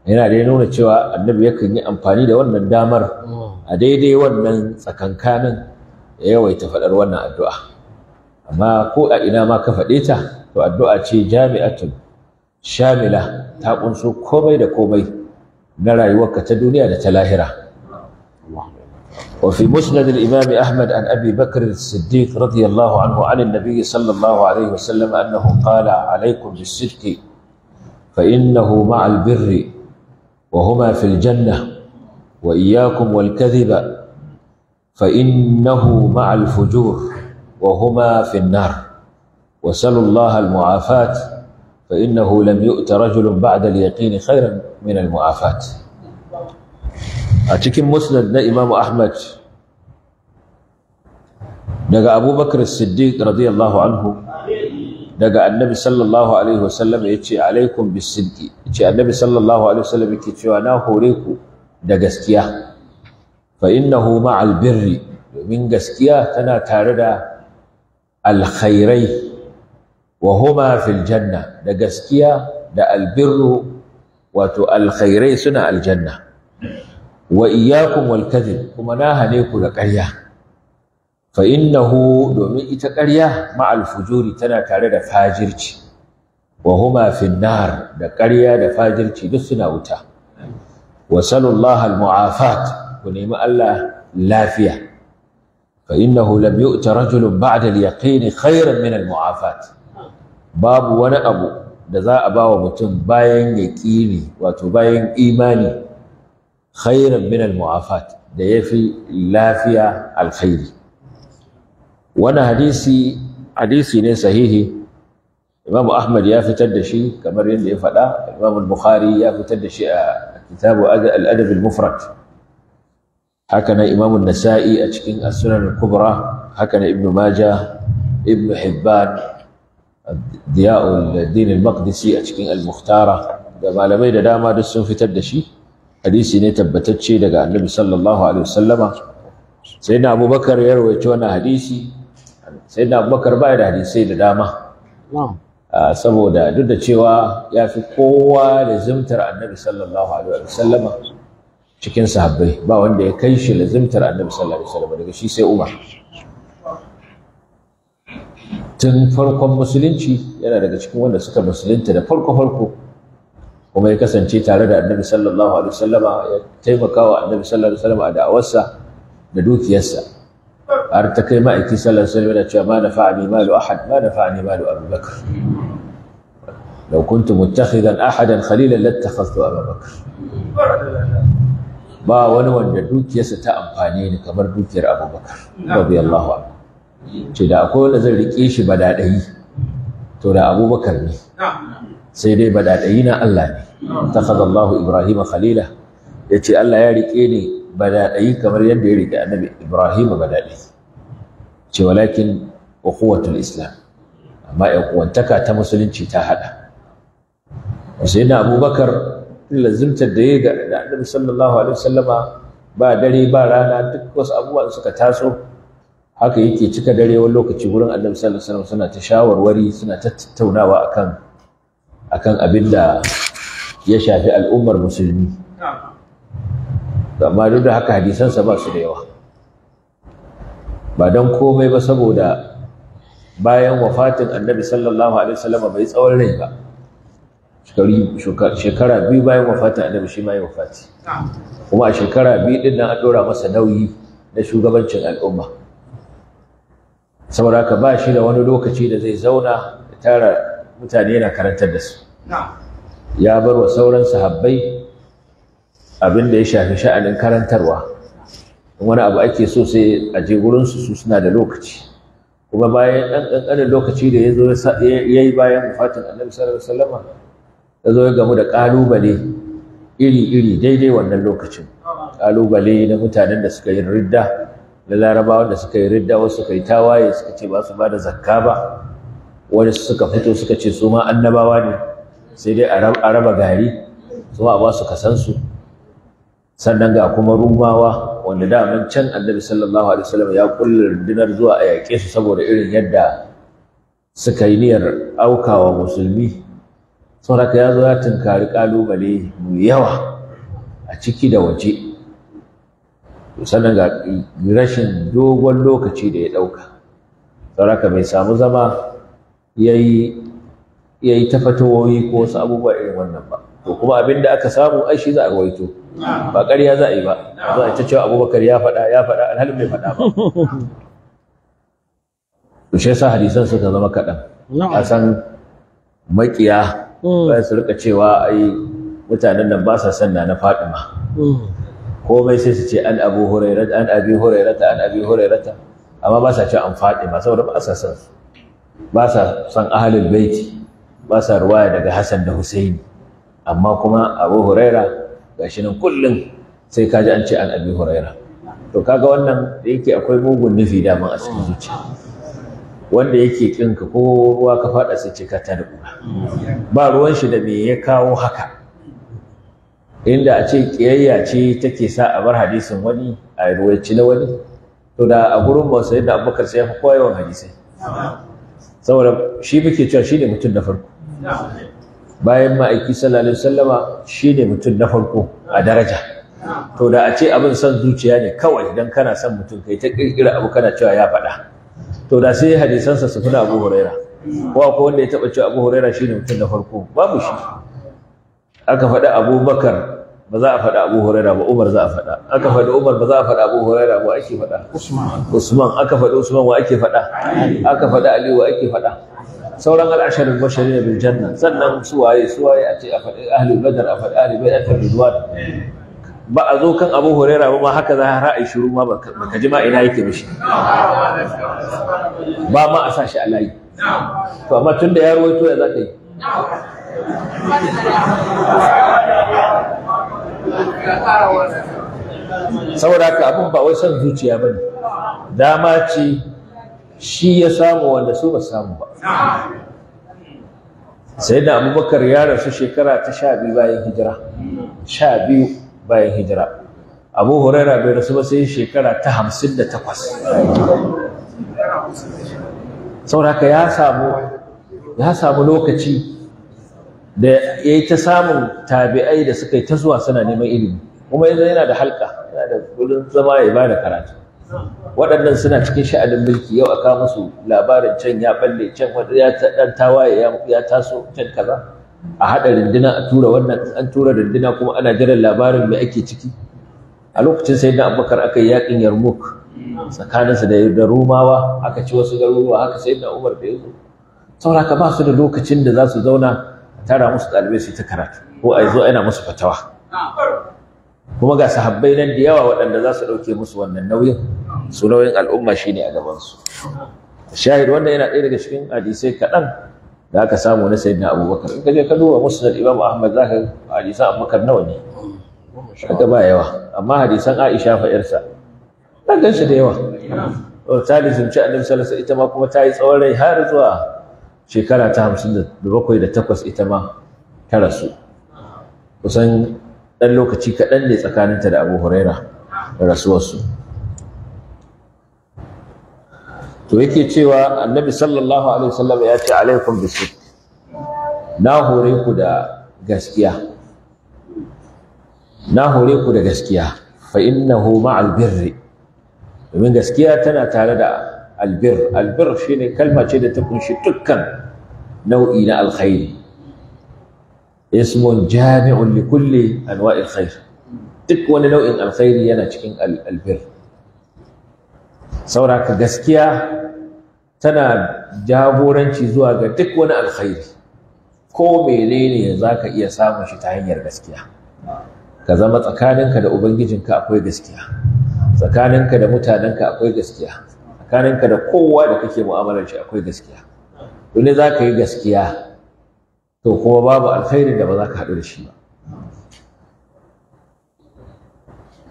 yana da nuna cewa annabi yakan yi amfani da wannan damar mm. a daidai wannan tsakankanin ya yawaita faɗar wannan addu'a amma ko a ina ma ka faɗe ta to addu'a ce jami'atun shamila ta ƙunso komai da komai na rayuwarka ta duniya da ta lahira وفي مسند الإمام أحمد عن أبي بكر الصديق رضي الله عنه عن النبي صلى الله عليه وسلم أنه قال عليكم بالصدق فإنه مع البر وهما في الجنة وإياكم والكذب فإنه مع الفجور وهما في النار وسلوا الله المعافاة فإنه لم يؤت رجل بعد اليقين خيرا من المعافاة a cikin musnad na imamu ahmad daga abubakar siddiq radiyallahu anhu daga annabi sallallahu alaihi wasallam ya ce alaikum bisiddi ya ce annabi sallallahu alaihi wasallam yake cewa na hore ku da gaskiya fa innahu ma'al birri domin gaskiya tana tare da alkhairai wa huma fil janna da gaskiya da albirru wato alkhairai suna aljanna wa iyakun wal kuma na hane ku da ƙarya fa innahu domin ita ƙarya ma'al fujuri tana tare da fajirci wa huma fi nar da ƙarya da fajirci duk suna wuta wa sallallahu al ku nemi Allah lafiya fa innahu lam yu'ta rajulun ba'da al yaqin khairan min al mu'afat babu wani abu da za a bawa mutum bayan yaqini wato bayan imani khairan min al-mu'afat da yafi lafiya alkhairi wannan hadisi hadisi ne sahihi Imam Ahmad ya fitar da shi kamar yadda ya faɗa Imam Bukhari ya fitar da shi a kitabu al-adab al-mufrad haka na Imam Nasa'i a cikin as-sunan al-kubra haka na Ibn Majah Ibn Hibban Diya'ul Din al-Maqdisi a cikin al-Mukhtara da malamai da dama duk sun fitar da shi hadisi ne tabbatacce daga annabi sallallahu alaihi wasallama sai na abubakar ya rawaito wannan hadisi sai na abubakar baya da hadisai da dama ah, saboda duk da cewa ya fi kowa lazimtar annabi sallallahu alaihi wasallama cikin sahabbai ba wanda ya kai shi lazimtar annabi sallallahu alaihi wasallama daga shi sai umar tun farkon musulunci yana daga cikin wanda suka musulunta da farko-farko kuma ya kasance tare da annabi sallallahu alaihi wasallama ya taimaka wa annabi sallallahu alaihi wasallama a da'awarsa da dukiyarsa har ta kai ma'aiki sallallahu alaihi wasallama da cewa ma nafa'ani malu ahad ma nafa'ani malu abu bakr لو كنت متخذا احدا خليلا لاتخذت ابا بكر ba wani wanda dukiyarsa ta amfani ni kamar dukiyar abubakar radiyallahu anhu ce da akwai wanda zan rike shi ba daɗayi to da abubakar ne sai dai badaɗayi na Allah ne Allahu ibrahim khalila ya ce Allah ya riƙe ne badaɗayi kamar yadda ya riƙe annabi ibrahim cewa ce walakin ukuwatul islam amma ya ta musulunci ta haɗa wasu yana abubakar lazimtar da ya ga annabi sallallahu alaihi wasallama ba dare ba rana duk wasu abubuwan suka taso haka yake cika dare wani lokaci wurin annabi sallallahu alaihi wasallam suna ta shawarwari suna ta tattaunawa akan akan abin da ya shafi al'ummar musulmi amma duk da haka hadisansa ba su da yawa ba don komai ba saboda bayan wafatin annabi sallallahu alaihi wasallam bai tsawon rai ba shekara biyu bayan wafatin annabi shi ma ya wafati kuma a shekara biyu din nan an ɗora masa nauyi na shugabancin al'umma saboda haka ba shi da wani lokaci da zai zauna da tara mutane yana karantar da su ya bar wa sauran sahabbai abin da ya shafi sha'anin karantarwa wani abu ake so sai a je gurinsu su suna da lokaci kuma bayan ɗan ƙanƙanin lokaci da ya zo ya yi bayan fatin annabi sallallahu alaihi wasallam ya zo ya gamu da ƙalubale iri-iri daidai wannan lokacin ƙalubale na mutanen da suka yi ridda da larabawa da suka yi ridda wasu suka yi tawaye suka ce ba su ba da zakka ba wani suka fito suka ce su ma annabawa ne sai dai a raba gari su ma ba su kasansu sannan ga kuma rumawa wanda daman can annabi sallallahu alaihi wasallam ya kulle rundunar zuwa a yaƙe su saboda irin yadda suka yi niyyar aukawa musulmi saboda ya zo ya tunkari ƙalubale mai yawa a ciki da waje sannan ga rashin dogon lokaci da ya ɗauka saraka bai samu zama ya yi ta fatawoyi ko wasu abubuwa irin wannan ba to kuma abin da aka samu ai shi za a waito ba ƙarya za a yi ba za a ta cewa abubakar ya faɗa ya faɗa alhalin bai faɗa ba to shi yasa hadisan suka zama kaɗan a san maƙiya hmm. ba su rika cewa ai mutanen nan ba sa sanna na ma. komai sai su ce an abu hurairata an abi hurairata an abi hurairata amma ba sa ci an fatima saboda ba sa san ba sa san ahalul baiti ba sa ruwaya daga Hassan da Husaini amma kuma Abu Huraira gashi nan kullum sai kaji an ce an Abi Huraira to kaga wannan da yake akwai mugun nufi daman a cikin zuciya wanda yake kinka ko ruwa ka faɗa sai ce ka ta da ba ruwan shi da me ya kawo haka inda a ce kiyayya ce take sa a bar hadisin wani a ruwaici na wani to da a gurin ba sai da abubakar sai ya fi koyawan hadisai saboda shi muke cewa shi ne mutum na farko bayan ma'aiki sallallahu alaihi wasallama shi ne mutum na farko a daraja to da a ce abin son zuciya ne kawai dan kana son mutum kai ta kirkira abu kana cewa ya faɗa to da sai hadisansa su kuna abu huraira ko akwai wanda ya taɓa cewa abu huraira shi ne mutum na farko babu shi aka faɗi abubakar ba za a faɗa abu huraira ba umar za a faɗa aka faɗi umar ba za a faɗa abu huraira ba ake faɗa usman aka faɗi usman wa ake faɗa aka faɗi ali wa ake faɗa sauran al'asharin bashari na bil janna sannan suwaye suwaye a ce a faɗi ahli badar a faɗi ahlul badar ridwan ba a zo kan abu huraira ba ma haka za a ra'ayi shiru ma ka ji ma ina yake mishi ba ma a sa shi a layi to amma tun da ya ruwaito ya za ka yi saboda haka abin ba wai son zuciya bane dama ce shi ya samu wanda su ba samu ba sai da abubakar ya rasu shekara ta sha biyu bayan hijira sha biyu bayan hijira abu huraira bai rasu ba sai shekara ta hamsin da takwas saboda haka ya samu lokaci da ya yi ta samun tabi'ai da suka yi ta zuwa suna neman ilimi kuma yanzu yana da halka yana da wurin zama ya ba da karatu waɗannan suna cikin sha'anin mulki yau a kama musu labarin can ya balle can wanda ya ɗan tawaye ya taso can kaza a haɗa rindina a tura wannan an tura rindina kuma ana jiran labarin mai ake ciki a lokacin sai na abubakar aka yi yaƙin Yarmuk, tsakaninsa da romawa aka ci wasu garuruwa haka sai na umar da ya zo sauraka ba su da lokacin da za su zauna tara musu ɗalibai su yi ta karatu ko a zo ana musu fatawa kuma ga sahabbai nan da yawa waɗanda za su ɗauke musu wannan nauyin su nauyin al'umma shi ne a gabansu shahid wannan yana ɗaya daga cikin hadisai kaɗan da aka samu na sayyidina abubakar in kaje ka duba musu musnad imam ahmad za zaka hadisan abubakar nawa ne haka ba yawa amma hadisan aisha fa yarsa dan ganshi da yawa ta lizimci annabi sallallahu alaihi wasallam ita ma kuma ta yi tsawon rai har zuwa shekara ta hamsin da bakwai da takwas ita ma ta rasu kusan ɗan lokaci kaɗan ne tsakaninta da abu huraira da rasuwarsu to yake cewa annabi sallallahu alaihi wasallam ya ce alaikum bisu na hore ku da gaskiya na hore ku da gaskiya fa innahu ma'al birri domin gaskiya tana tare da albir albir shine kalma ce da ta kunshi dukkan nau'i na alkhairi ismun jami'un li kulli anwa'il khair duk wani nau'in alkhairi yana cikin albir sauraka gaskiya tana jagoranci zuwa ga duk wani alkhairi ko menene zaka iya samun shi ta hanyar gaskiya ka zama tsakaninka da ubangijinka akwai gaskiya tsakaninka da mutanenka akwai gaskiya tsakaninka da kowa da kake mu'amalar shi akwai gaskiya Wani za ka yi gaskiya to kuma babu alkhairi da ba za ka haɗu da shi ba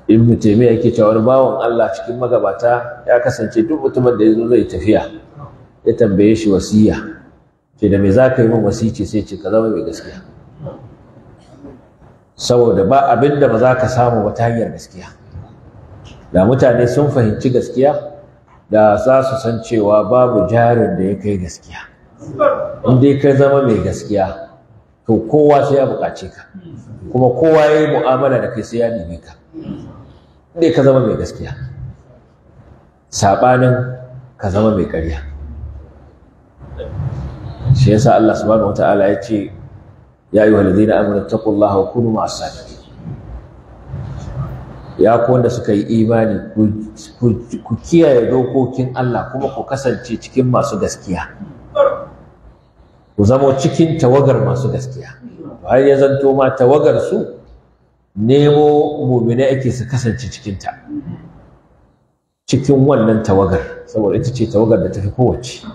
in mutumi yake cewa wani bawan Allah cikin magabata ya kasance duk mutumin da ya zo zai tafiya ya tambaye shi wasiya ce da me za ka yi min wasici sai ce ka zama mai gaskiya saboda ba abin da ba za ka samu ba ta hanyar gaskiya da mutane sun fahimci gaskiya da za su san cewa babu jarin da ya kai gaskiya in dai ka zama mai gaskiya to kowa sai ya buƙace ka kuma kowa ya yi mu'amala da kai sai ya nemi ka dai ka zama mai gaskiya saɓanin ka zama mai ƙarya shi yasa Allah subhanahu ta'ala ya ce ya yi ladina amanu taqullaha wa kunu ma'as ya ku wanda suka yi imani ku kiyaye dokokin Allah kuma ku kasance cikin masu gaskiya ku zama cikin tawagar masu gaskiya har ya zanto ma tawagar su nemo mumina ake su kasance cikinta cikin wannan tawagar saboda ita ce tawagar da tafi kowace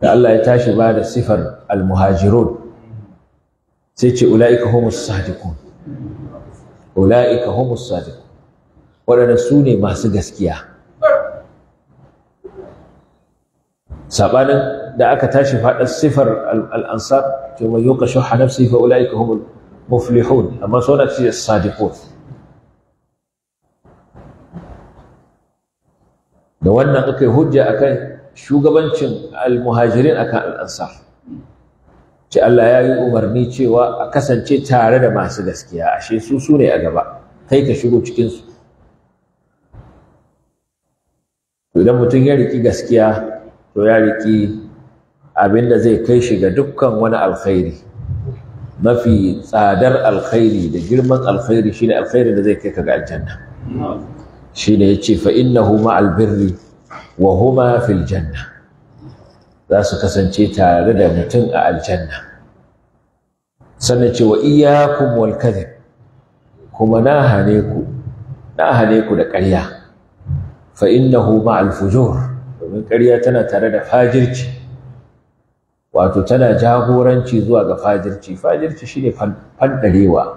da Allah ya tashi ba da sifar almuhajirun sai ce ula'ika humus sadiqun ula'ika humus sadiqun waɗanda su ne masu gaskiya Saɓanin da aka tashi faɗar sifar al'ansar to mai yau kashin hanafsi fa ula'ika humul muflihun amma suna ce sadiqun da wannan aka yi hujja akan shugabancin al-muhajirin akan al'ansar ce Allah ya yi umarni cewa a kasance tare da masu gaskiya ashe su su ne a gaba kai ka shigo cikinsu idan mutum ya riki gaskiya to ya riki abin da zai kai shi ga dukkan wani alkhairi mafi tsadar alkhairi da girman alkhairi shine alkhairi da zai kai ka ga aljanna shine yace fa innahu ma'al birri wa huma fil janna za su kasance tare da mutum a aljanna sannan ce wa iyakum wal kuma na hane ku na hane ku da ƙarya fa innahu ma'al fujur domin ƙarya tana tare da fajirci wato tana jagoranci zuwa ga fajirci fajirci shine fandarewa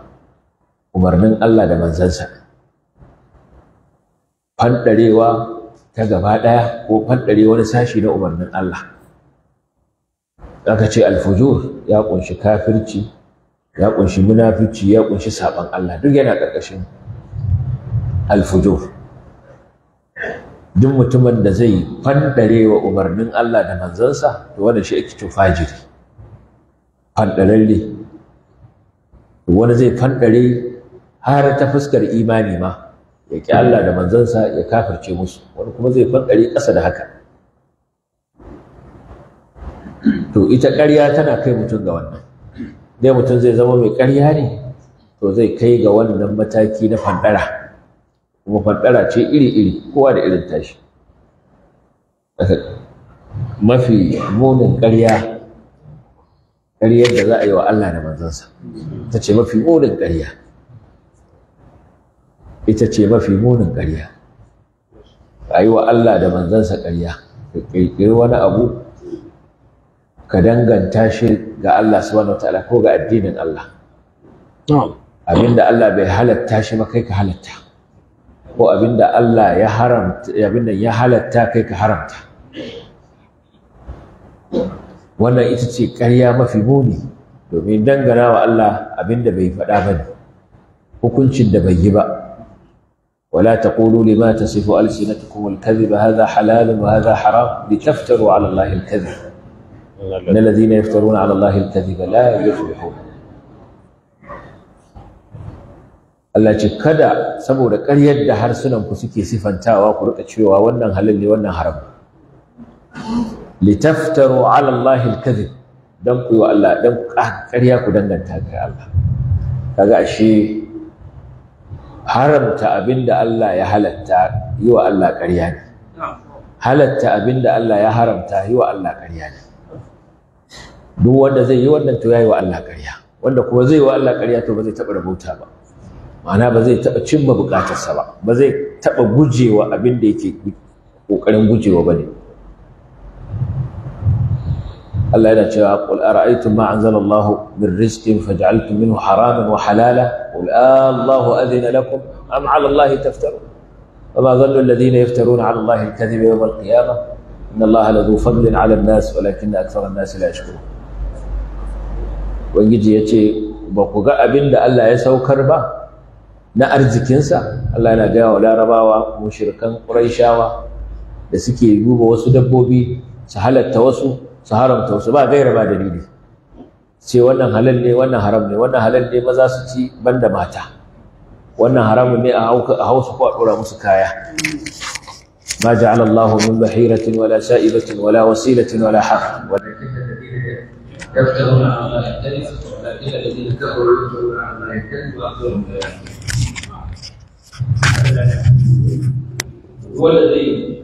umarnin Allah da manzansa fandarewa ta gaba ɗaya ko fandare wani sashi na umarnin Allah aka ce alfujur ya kunshi kafirci ya kunshi munafici ya kunshi saban Allah duk yana ƙarƙashin alfujur duk mutumin da zai fandare wa umarnin Allah da manzansa to wanda shi ake cin fajiri fandarelle wani zai fandare har ta fuskar imani ma ya ƙi Allah da manzansa ya kafirce musu wani kuma zai fandare ƙasa da haka to ita ƙarya tana kai mutum ga wannan dai mutum zai zama mai ƙarya ne to zai kai ga wannan mataki na fandara kuma fandara ce iri-iri kowa da irin tashi mafi munin ƙarya ƙaryar da za a yi wa Allah da manzansa ta ce mafi munin ƙarya ita ce mafi munin ƙarya a yi wa Allah da manzansa ƙarya ƙirƙiri wani abu ka danganta shi ga Allah subhanahu ko ga addinin Allah abinda Allah bai halatta shi ba kai ka halatta ko abinda Allah ya haramta abinda ya halatta kai ka haramta wannan ita ce ƙarya mafi muni domin dangana wa Allah abinda bai faɗa ba ne hukuncin da bai yi ba ولا تقولوا لما تصف ألسنتكم الكذب هذا حلال وهذا حرام لتفتروا على الله الكذب إن الذين يفترون على الله الكذب لا يفلحون Allah ce kada saboda ƙaryar da harsunanku ku suke sifantawa ku rika cewa wannan halal ne wannan haram litaftaru ala Allah alkadhib dan ku Allah dan ƙarya ku danganta ga Allah kaga ashe haramta abinda Allah ya halatta yi wa Allah ƙarya ne halatta abinda Allah ya haramta yi wa Allah ƙarya ne duk wanda zai yi wannan to yayi wa Allah ƙarya wanda kuma zai yi wa Allah ƙarya to ba zai taɓa rabauta ba ma'ana ba zai taɓa cimma buƙatarsa ba ba zai taɓa gujewa abin da yake ƙoƙarin gujewa ba ne Allah yana cewa qul ara'aytum ma anzala Allahu min rizqin faj'altum minhu haraman wa halala qul Allahu adina lakum am 'ala Allahi taftarun وما ظن الذين يفترون على الله الكذب يوم القيامة إن الله لذو فضل على الناس ولكن أكثر الناس لا يشكرون ubangiji ya ce ba ku ga abin da Allah ya saukar ba na arzikinsa Allah yana gaya wa larabawa mushrikan ƙuraishawa da suke duba wasu dabbobi su halatta wasu su haramta wasu ba gaira ba dalili ce wannan halal ne wannan haram ne wannan halal ne maza su ci ban da mata wannan haram ne a hausa ko a ɗora musu kaya ما جعل الله من بحيرة ولا سائبة ولا وسيلة ولا حق يفترون على الله الكذب واولئك الذين كفروا يفترون على الله الكذب واكثرهم لا يعلمون هو الذي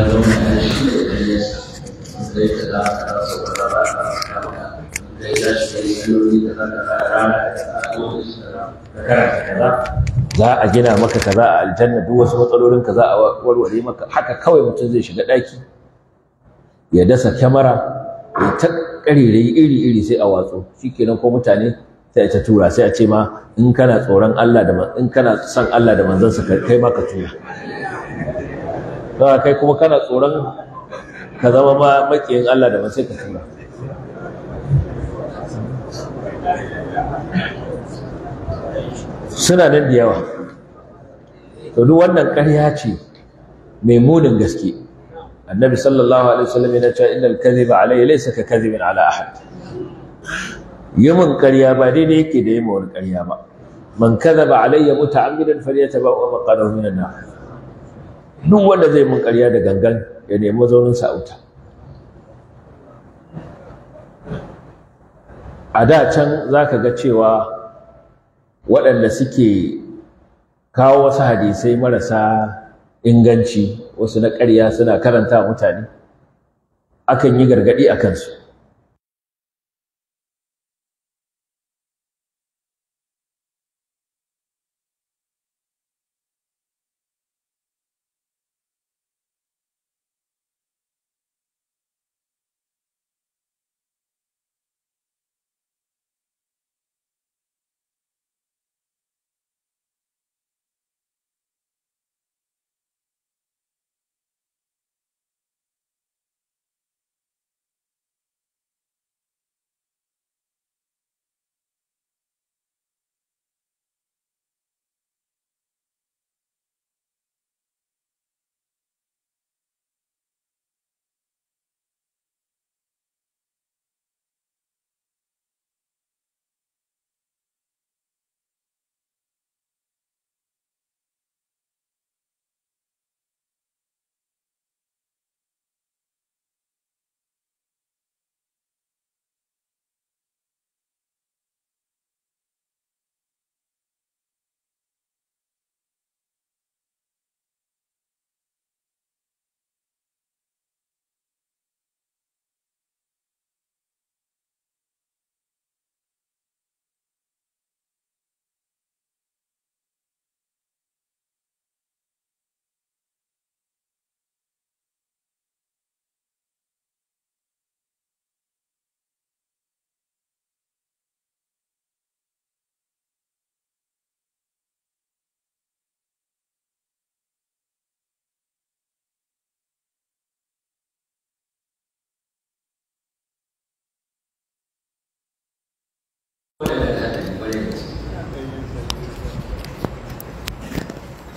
ya zauna ya shi da ƙaryarsa zai ta za ka rasa wata da yanyoyi da ka da karanta kaza za a gina maka kaza a aljanna duk wasu matsalolin ka za a warware maka haka kawai mutum zai shiga ɗaki ya dasa kyamara ya ta ƙarirai iri-iri sai a watsu shikenan ko mutane sai ta tura sai a ce ma in kana tsoron Allah da in kana son Allah da manzansa kai ma ka tura don kai kuma kana tsoron ka zama ma makiyin Allah da ba sai ka tura suna nan da yawa to duk wannan ƙarya ce mai munin gaske annabi sallallahu alaihi wasallam yana cewa innal kadhiba alayya laysa ka kadhibin ala ahad yamin ƙarya ba daidai yake da yamin wani ƙarya ba man kadhaba alayya muta'ammidan falyatabawa maqadahu minan nar duk wanda zai mun ƙarya da gangan ya nemi zaunin wuta? a da can za ka ga cewa waɗanda suke kawo wasu hadisai marasa inganci wasu na ƙarya suna karanta mutane akan yi gargaɗi a kansu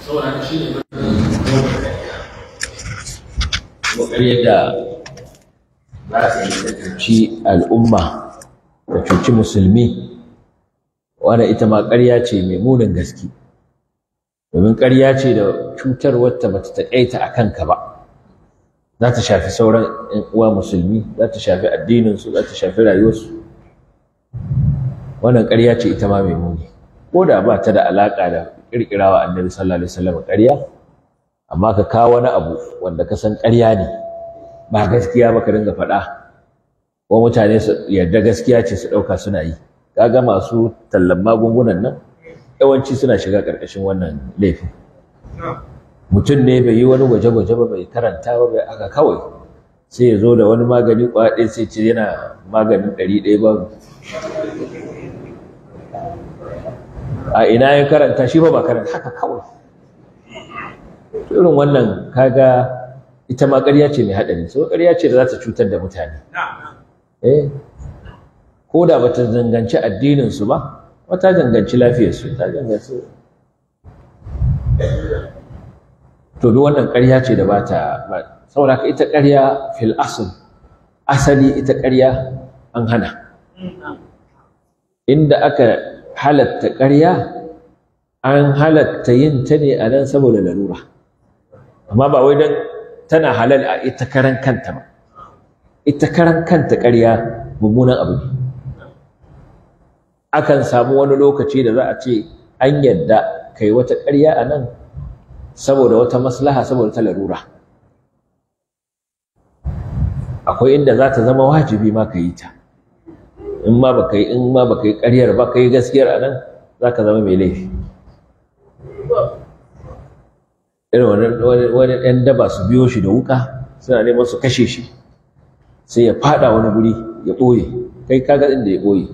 saboda da za cuci al'umma cuci musulmi wadda ita ma ƙarya ce mai munin gaske domin ƙarya ce da cutar wata bata taƙaita a kanka ba za ta shafi sauran uwa musulmi za ta shafi addininsu za ta shafi rayuwarsu wannan ƙarya ce ita ma mai muni ko da ba ta da alaƙa da kirkira wa annabi sallallahu alaihi wasallam ƙarya amma ka kawo wani abu wanda ka san ƙarya ne ba gaskiya ba ka dinga faɗa ko mutane su yadda gaskiya ce su ɗauka suna yi kaga masu tallan magungunan nan yawanci suna shiga ƙarƙashin wannan laifi mutum ne bai yi wani gwaje-gwaje ba bai karanta ba bai aka kawai sai ya zo da wani magani kwaɗe sai ce yana maganin ɗari ɗaya ba a ina ya karanta shi ba ba karanta haka kawai irin wannan kaga ita ma ƙarya ce mai haɗari so ƙarya ce da za ta cutar da mutane eh ko da ba ta zanganci addinin su ba ba ta zanganci lafiyar su ta zanganci to duk wannan ƙarya ce da ba ta saboda ka ita ƙarya fil asl asali ita ƙarya an hana mm, inda aka halatta ƙarya an halatta yin ta ne a nan saboda larura amma ba wai don tana halal a ita karan kanta ba ita karan kanta ƙarya mummunan abu ne akan samu wani lokaci da za a ce an yadda kai wata ƙarya a nan saboda wata maslaha saboda ta larura akwai inda za ta zama wajibi ma ka yi ta in ma baka yi in ma baka yi ƙaryar ba kai gaskiyar anan ka zama mai laifi irin wani wani ɗan daba su biyo shi da wuka suna neman su kashe shi sai ya fada wani guri ya ɓoye kai ka ga inda ya ɓoye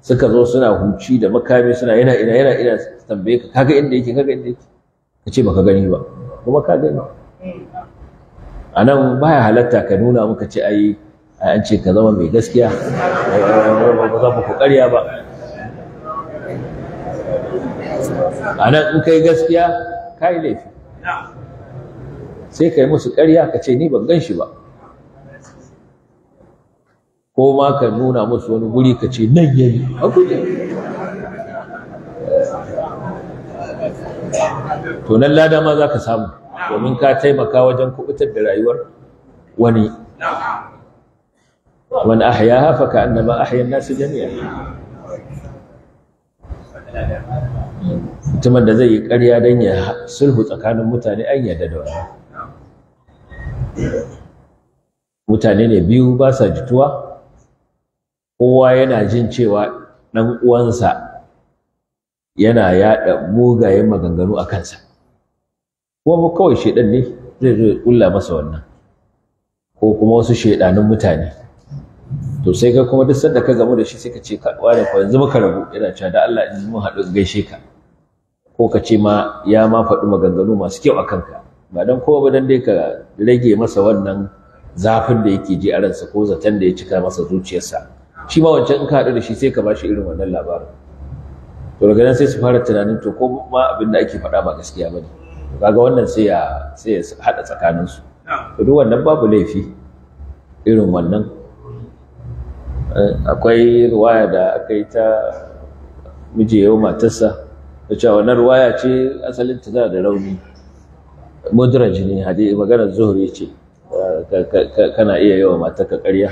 suka zo suna huci da makami suna yana ina yana ina tambaye ka kaga inda yake kaga inda yake ka ce baka gani ba kuma ka gani a nan baya halatta ka nuna muka ce ai an ce ka zama mai gaskiya ba za ku ƙarya ba a nan in kai gaskiya ka yi laifi sai ka yi musu ƙarya ka ce ni ban gan shi ba ko ma ka nuna musu wani guri ka ce nan yayi a guje to nan lada ma za ka samu domin ka taimaka wajen kubutar da rayuwar wani man ahyaha fa ka'annama ahya an-nas jami'a mutumin da zai yi ƙarya don ya sulhu tsakanin mutane an da wani mutane ne biyu ba sa jituwa kowa yana jin cewa ɗan uwansa yana yaɗa mugayen maganganu a kansa kuma kawai shaidan ne zai zo ya ƙulla masa wannan ko kuma wasu shaidanun mutane to sai ka kuma duk sanda ka gamu da shi sai ka ce ka ne ko yanzu muka rabu yana cewa da Allah in mun haɗu gaishe ka ko ka ce ma ya ma faɗi maganganu masu kyau a kanka ba don kowa ba don dai ka rage masa wannan zafin da yake ji a ransa ko zaton da ya cika masa zuciyarsa shi ma wancan in ka haɗu da shi sai ka ba shi irin wannan labarin to daga nan sai su fara tunanin to ko ma abin da ake faɗa ba gaskiya ba ne kaga wannan sai ya sai ya haɗa tsakaninsu to duk wannan babu laifi irin wannan akwai ruwaya da aka yi ta miji yau matarsa da cewa wannan ruwaya ce asalin ta da rauni mudura ne hadi maganar zuhuri ce kana iya yawa ka ƙarya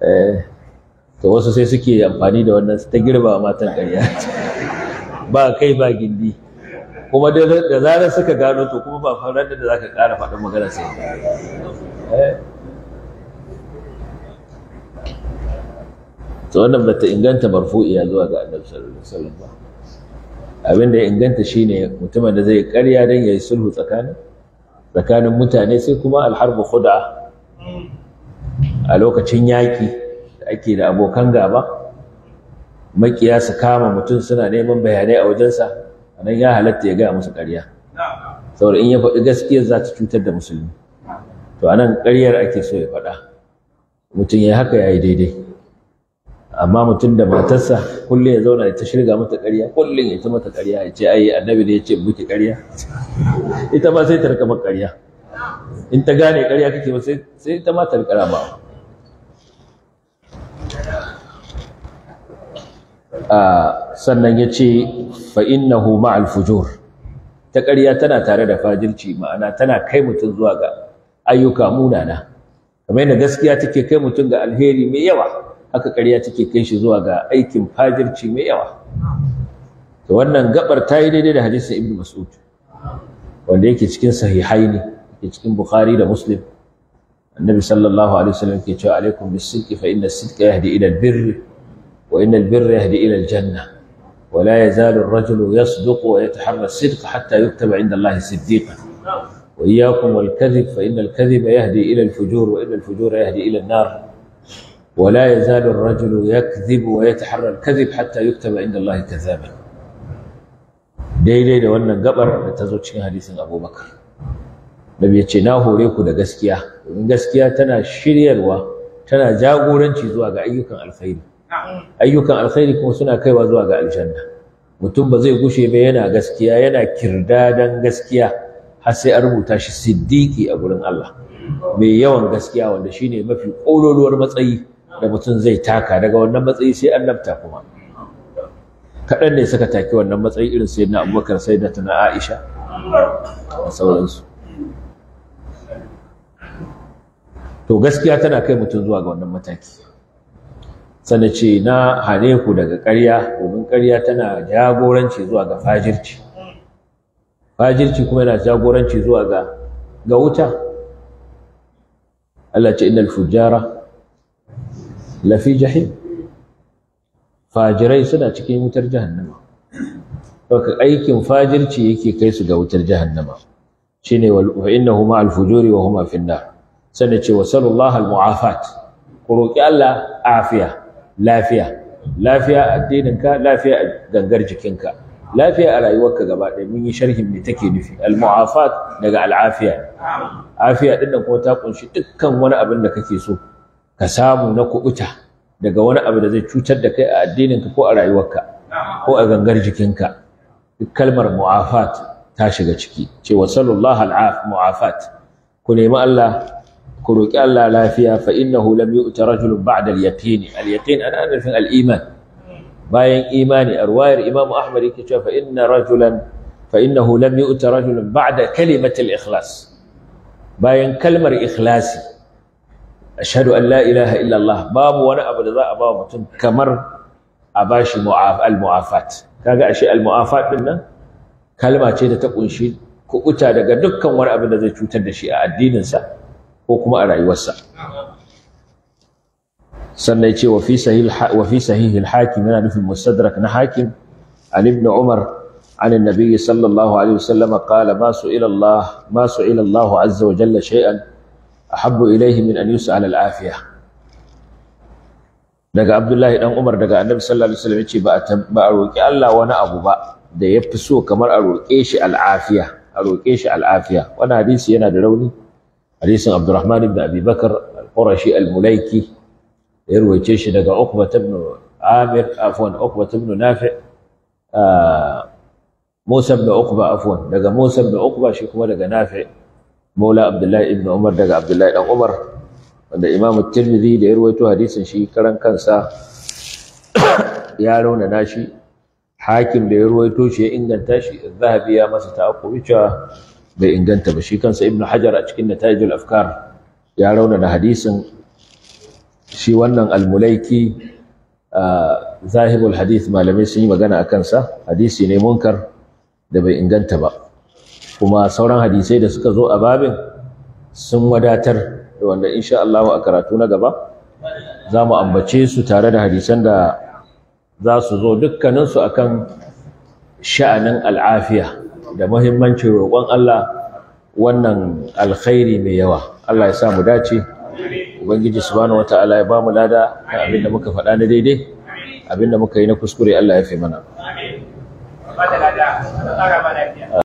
eh, to wasu sai suke amfani da wannan ta girba matan ƙarya ba kai ba gindi kuma da zarar suka gano to kuma ba farar da za ka ƙara faɗin maganar sai eh. to wannan ta inganta marfu'iya zuwa ga annabi sallallahu alaihi wasallam ba abin da ya inganta shine mutumin da zai karya dan yayi sulhu tsakanin tsakanin mutane sai kuma alharbu khud'a a lokacin yaki da ake da abokan gaba makiya su kama mutum suna neman bayanai a wajensa anan ya halatta ya gaya musu karya. saboda in ya faɗi gaskiya za ta cutar da musulmi to anan ƙaryar ake so ya faɗa mutum ya haka ya yi daidai amma mutum da matarsa kullum ya zauna ita ta shirga mata ƙarya kullum ya ta mata ƙarya ya ce ai annabi ne ya ce muke ƙarya ita ma sai ta rika maka ƙarya in ta gane ƙarya kake ba sai ta ma ta rika rama sannan ya ce fa innahu ma'al fujur ta ƙarya tana tare da fajirci ma'ana tana kai mutum zuwa ga ayyuka munana kamar yadda gaskiya take kai mutum ga alheri mai yawa haka ƙarya take kai shi zuwa ga aikin fajirci mai yawa to wannan gabar ta yi daidai da hadisin ibnu mas'ud wanda yake cikin sahihaini yake cikin bukhari da muslim annabi sallallahu alaihi wasallam yake cewa alaikum bis-sidqi fa inna as-sidqa yahdi ila al-birri wa inna al-birra yahdi ila al-janna wa la yazalu ar-rajulu yasduqu wa yataharra as-sidqa hatta yuktaba 'inda Allah siddiqan wa iyyakum wal-kadhib fa inna al-kadhiba yahdi ila al-fujur wa inna al-fujura yahdi ila nar ولا يزال الرجل يكذب ويتحرى الكذب حتى يكتب عند الله كذابا daidai da wannan gabar da ta zo cikin hadisin abubakar nabi ya ce na hore ku da gaskiya domin gaskiya tana shiryarwa tana jagoranci zuwa ga ayyukan alkhairi ayyukan alkhairi kuma suna kaiwa zuwa ga aljanna mutum ba zai gushe ba yana gaskiya yana kirdadan gaskiya har sai a rubuta shi siddiqi a gurin Allah mai yawan gaskiya wanda shine mafi kololuwar matsayi da mutum zai taka daga wannan matsayi sai annabta kuma kaɗan ne suka take wannan matsayi irin sai na abubakar sai da tana aisha da sauransu to gaskiya tana kai mutum zuwa ga wannan mataki sannan ce na hane ku daga ƙarya domin ƙarya tana jagoranci zuwa ga fajirci fajirci kuma yana jagoranci zuwa ga ga wuta Allah ce innal fujjara lafi jahim fajirai suna cikin wutar jahannama baka aikin fajirci yake kai su ga wutar jahannama shine wal innahu ma al fujuri wa huma fi nar sanne ce wasallallahu al muafat ku roki Allah afiya lafiya lafiya ka lafiya gangar jikinka lafiya a rayuwarka gaba ɗaya mun yi sharhin me take nufi al muafat daga al afiya afiya din nan kuma ta kunshi dukkan wani abin da kake so ka samu na kubuta daga wani abu da zai cutar da kai a addininka ko a rayuwarka ko a gangar jikinka duk kalmar mu'afat ta shiga ciki cewa sallallahu al'af mu'afat ku nemi Allah ku roki Allah lafiya fa innahu lam yu'ta rajulun ba'da al-yaqin al-yaqin ana nufin al-iman bayan imani a ruwayar Imam Ahmad yake cewa fa inna rajulan fa innahu lam yu'ta rajulun ba'da kalimatil ikhlas bayan kalmar ikhlasi ashhadu an la ilaha allah babu wani abu da za a ba mutum kamar a bashi al-mu'afat kaga ashe al-mu'afat din nan kalma ce da ta kunshi kuɓuta daga dukkan wani abin da zai cutar da shi a addininsa ko kuma a rayuwarsa sannan ce wa fi hakim yana nufin mustadrak na hakim an ibn umar عن النبي صلى الله عليه وسلم قال ما سئل الله ما سئل الله عز وجل شيئا ahabbu ilaihi min an yus'al al-afiya daga Abdullahi dan Umar daga Annabi sallallahu alaihi wasallam yace ba ba a roki Allah wani abu ba da yafi so kamar a roke shi alafiya. a roke shi alafiya. afiya wannan hadisi yana da rauni hadisin Abdurrahman ibn Abi Bakar al-Qurashi al-Mulaiki ya ruwaice shi daga Uqba ibn Amir afwan Uqba ibn Nafi ah, Musa ibn Uqba afwan daga Musa ibn Uqba shi kuma daga Nafi' maula abdullahi ibn umar daga abdullahi dan umar wanda imamu tirmidhi da ya rawaito hadisin shi karan kansa ya rauna nashi hakim da ya rawaito shi ya inganta shi zahabi ya masa ta'aqqu cewa bai inganta ba shi kansa ibn hajar a cikin natajul afkar ya rauna na hadisin shi wannan almulaiki zahibul hadith malamai sun yi magana a kansa hadisi ne munkar da bai inganta ba kuma sauran hadisai da suka zo a babin sun wadatar da wanda insha Allah a karatu na gaba za mu ambace su tare da hadisan da za su zo dukkaninsu kan sha'anin al'afiya da muhimmancin roƙon Allah wannan alkhairi mai yawa Allah ya sa mu dace ubangiji subhanahu wataala ya ba mu lada kan abin da muka faɗa na daidai abin da muka yi na kuskure Allah ya fi mana